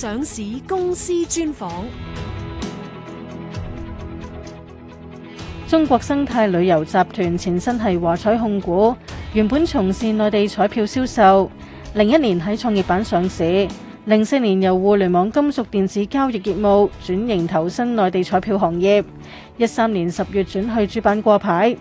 上市公司專訪：中國生態旅遊集團前身係華彩控股，原本從事內地彩票銷售，零一年喺創業板上市，零四年由互聯網金屬電子交易業務轉型投身內地彩票行業，一三年十月轉去主板掛牌。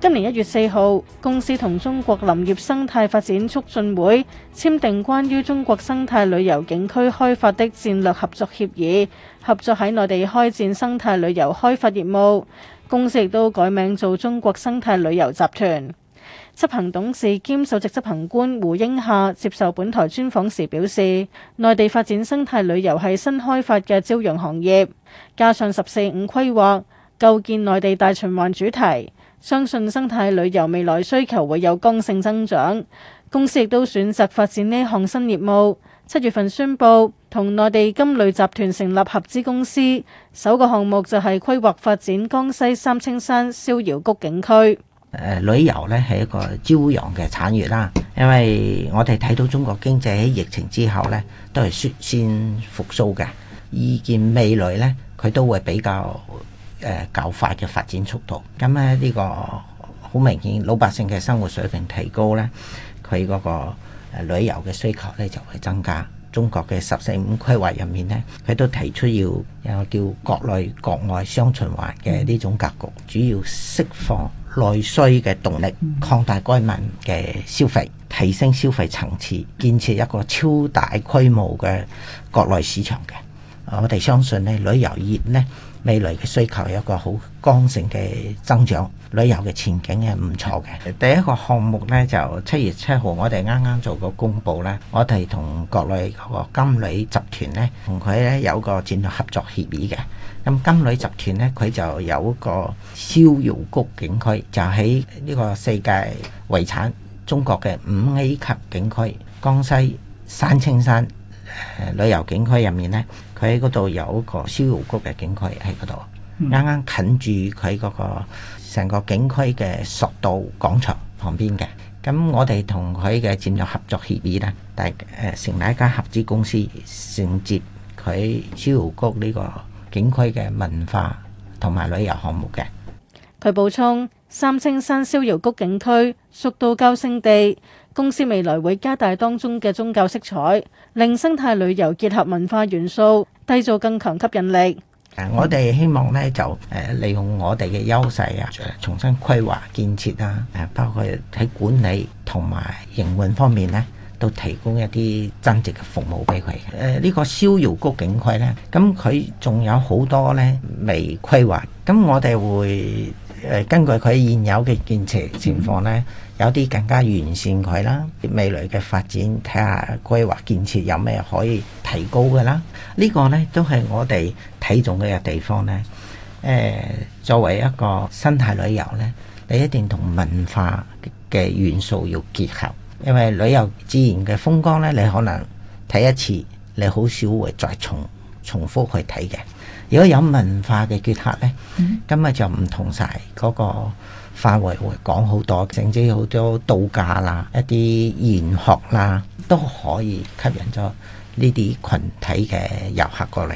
今年一月四號，公司同中國林業生態發展促進會簽訂關於中國生態旅遊景區開發的戰略合作協議，合作喺內地開展生態旅遊開發業務。公司亦都改名做中國生態旅遊集團。執行董事兼首席執行官胡英廈接受本台專訪時表示，內地發展生態旅遊係新開發嘅朝陽行業，加上十四五規劃，構建內地大循環主題。相信生態旅遊未來需求會有剛性增長，公司亦都選擇發展呢項新業務。七月份宣布同內地金旅集團成立合資公司，首個項目就係規劃發展江西三清山逍遙谷景區。誒、呃，旅遊咧係一個朝陽嘅產業啦，因為我哋睇到中國經濟喺疫情之後咧都係率先復蘇嘅，意見未來咧佢都會比較。誒，較快嘅發展速度，咁咧呢個好明顯，老百姓嘅生活水平提高咧，佢嗰個誒旅遊嘅需求咧就會增加。中國嘅十四五規劃入面咧，佢都提出要有叫國內國外雙循環嘅呢種格局，主要釋放內需嘅動力，擴大居民嘅消費，提升消費層次，建設一個超大規模嘅國內市場嘅。我哋相信咧，旅遊業咧。未來嘅需求有一個好剛性嘅增長，旅遊嘅前景係唔錯嘅。第一個項目呢，就七月七號，我哋啱啱做個公佈呢，我哋同國內金旅集團呢，同佢咧有個戰略合作協議嘅。金旅集團呢，佢就有一個逍遙谷景區，就喺、是、呢個世界遺產、中國嘅五 A 級景區江西三清山，山。呃、旅遊景區入面呢，佢喺嗰度有一個逍遙谷嘅景區喺嗰度，啱啱近住佢嗰個成個景區嘅索道廣場旁邊嘅。咁我哋同佢嘅戰略合作協議呢，就係、呃、成立一間合資公司承接佢逍遙谷呢個景區嘅文化同埋旅遊項目嘅。佢補充：三清山逍遙谷景區屬道教聖地。公司未來會加大當中嘅宗教色彩，令生態旅遊結合文化元素，締造更強吸引力。 我哋希望咧就誒利用我哋嘅優勢啊，重新規劃建設啊，誒包括喺管理同埋營運方面咧，都提供一啲增值嘅服務俾佢。誒、這、呢個逍遙谷景區咧，咁佢仲有好多咧未規劃，咁我哋會。根據佢現有嘅建設情況呢，有啲更加完善佢啦。未來嘅發展，睇下規劃建設有咩可以提高㗎啦。呢、這個呢都係我哋睇重嘅地方呢，誒、呃，作為一個生態旅遊呢，你一定同文化嘅元素要結合，因為旅遊自然嘅風光呢，你可能睇一次，你好少會再重。重複去睇嘅，如果有文化嘅結合呢，嗯、哼今日就唔同晒嗰、嗰個範圍會廣好多，甚至有好多度假啦、一啲研學啦，都可以吸引咗呢啲群體嘅遊客過嚟。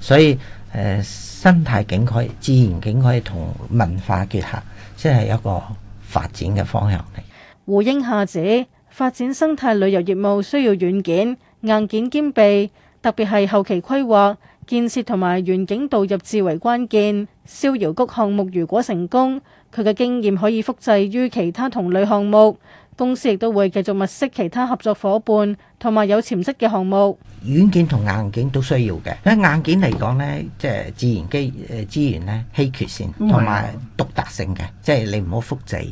所以誒、呃，生態景區、自然景區同文化結合，即係一個發展嘅方向嚟。胡英廈指發展生態旅遊業務需要軟件、硬件兼備。特別係後期規劃、建設同埋遠景導入至為關鍵。逍遙谷項目如果成功，佢嘅經驗可以複製於其他同類項目。公司亦都會繼續物色其他合作夥伴同埋有潛質嘅項目。軟件同硬件都需要嘅。喺硬件嚟講呢，即係自然機誒資源呢，稀缺性同埋獨特性嘅，即係的你唔好複製。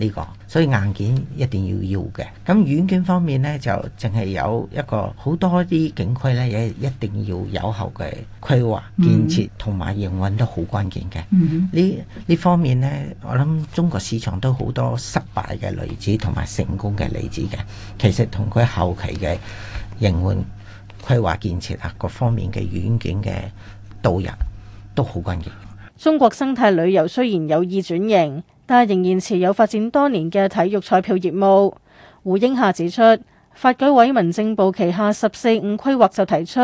呢、這個所以硬件一定要要嘅，咁軟件方面呢，就淨係有一個好多啲景區呢，也一定要有效嘅規劃建設同埋營運都好關鍵嘅。呢呢、mm hmm. 方面呢，我諗中國市場都好多失敗嘅例子同埋成功嘅例子嘅，其實同佢後期嘅營運規劃建設啊各方面嘅軟件嘅導入都好關鍵。中國生態旅遊雖然有意轉型。但仍然持有發展多年嘅體育彩票業務。胡英廈指出，發改委民政部旗下「十四五」規劃就提出，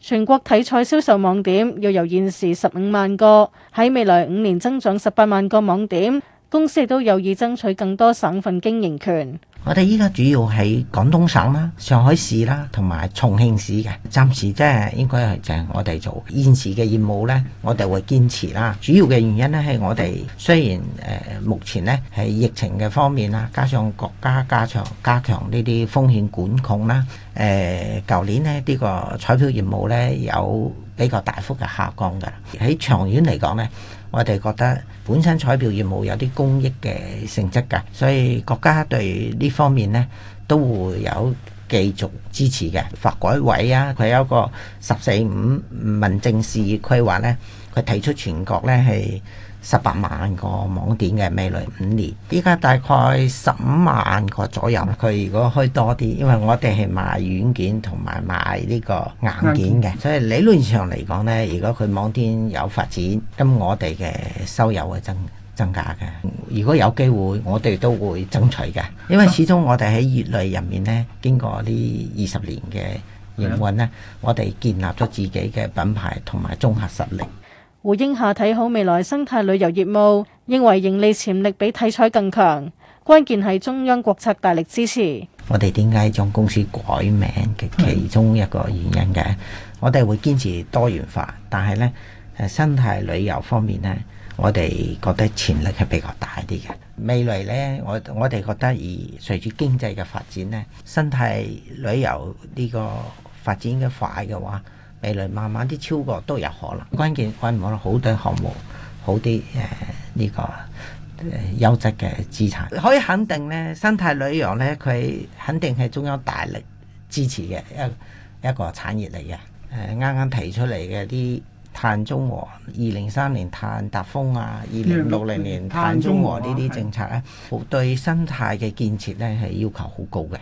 全國體彩銷售網點要由現時十五萬個，喺未來五年增長十八萬個網點。公司亦都有意爭取更多省份經營權。我哋依家主要喺廣東省啦、上海市啦，同埋重慶市嘅，暫時即係應該係就係我哋做現時嘅業務咧，我哋會堅持啦。主要嘅原因咧，係我哋雖然誒目前咧係疫情嘅方面啦，加上國家加強加強呢啲風險管控啦。誒，舊年呢呢個彩票業務呢，有比較大幅嘅下降嘅，喺長遠嚟講呢，我哋覺得本身彩票業務有啲公益嘅性質㗎，所以國家對呢方面呢，都會有繼續支持嘅，發改委啊，佢有一個十四五民政事業規劃呢。佢提出全國呢係十八萬個網點嘅，未來五年，依家大概十五萬個左右。佢如果開多啲，因為我哋係賣軟件同埋賣呢個硬件嘅，件所以理論上嚟講呢，如果佢網點有發展，咁我哋嘅收入會增增加嘅。如果有機會，我哋都會爭取嘅，因為始終我哋喺業內入面咧，經過呢二十年嘅營運咧，mm hmm. 我哋建立咗自己嘅品牌同埋綜合實力。胡英廈睇好未來生態旅遊業務，認為盈利潛力比體彩更強，關鍵係中央國策大力支持。我哋點解將公司改名嘅其中一個原因嘅。Mm hmm. 我哋會堅持多元化，但係咧誒生態旅遊方面咧。我哋覺得潛力係比較大啲嘅，未來呢。我我哋覺得而隨住經濟嘅發展呢，生態旅遊呢個發展嘅快嘅話，未來慢慢啲超過都有可能。關鍵關唔關好多項目好啲誒？呢、呃這個優質嘅資產、嗯、可以肯定呢，生態旅遊呢，佢肯定係中央大力支持嘅一個一個產業嚟嘅。誒啱啱提出嚟嘅啲。碳中和，二零三年碳達峰啊，二零六零年碳中和呢啲政策咧，對生態嘅建設咧，係要求好高嘅。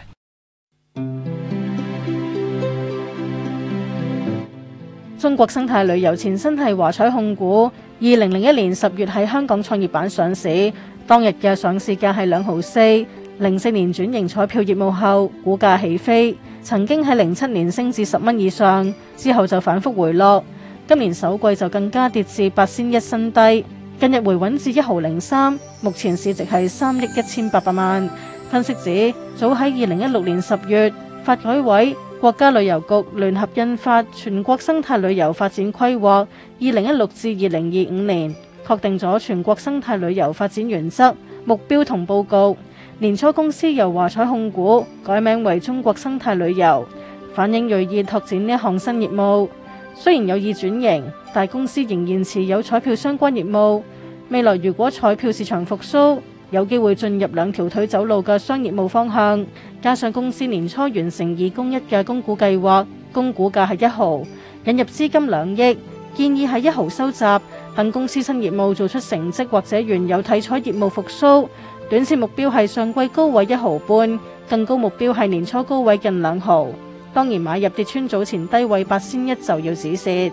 中國生態旅遊前身係華彩控股，二零零一年十月喺香港創業板上市，當日嘅上市價係兩毫四。零四年轉型彩票業務後，股價起飛，曾經喺零七年升至十蚊以上，之後就反覆回落。今年首季就更加跌至八仙一新低，近日回穩至一毫零三，目前市值係三億一千八百萬。分析指早喺二零一六年十月，發改委、國家旅遊局聯合印發《全國生態旅遊發展規劃（二零一六至二零二五年）》，確定咗全國生態旅遊發展原則、目標同布局。年初公司由華彩控股改名為中國生態旅遊，反映銳意拓展呢一項新業務。雖然有意轉型,但公司仍然持有彩票相關業務。未來如果彩票市場復甦,有機會進入兩條腿走路嘅商業業務方向。加上公司年初完成二供一嘅供股計劃,供股價係一毫,引入資金兩億,建議係一毫收集,等公司新業務做出成績或者原有體彩業務復甦,短期目標係上季高位一毫半,更高目標係年初高位近兩毫。當然，買入跌穿早前低位八仙一就要止蝕。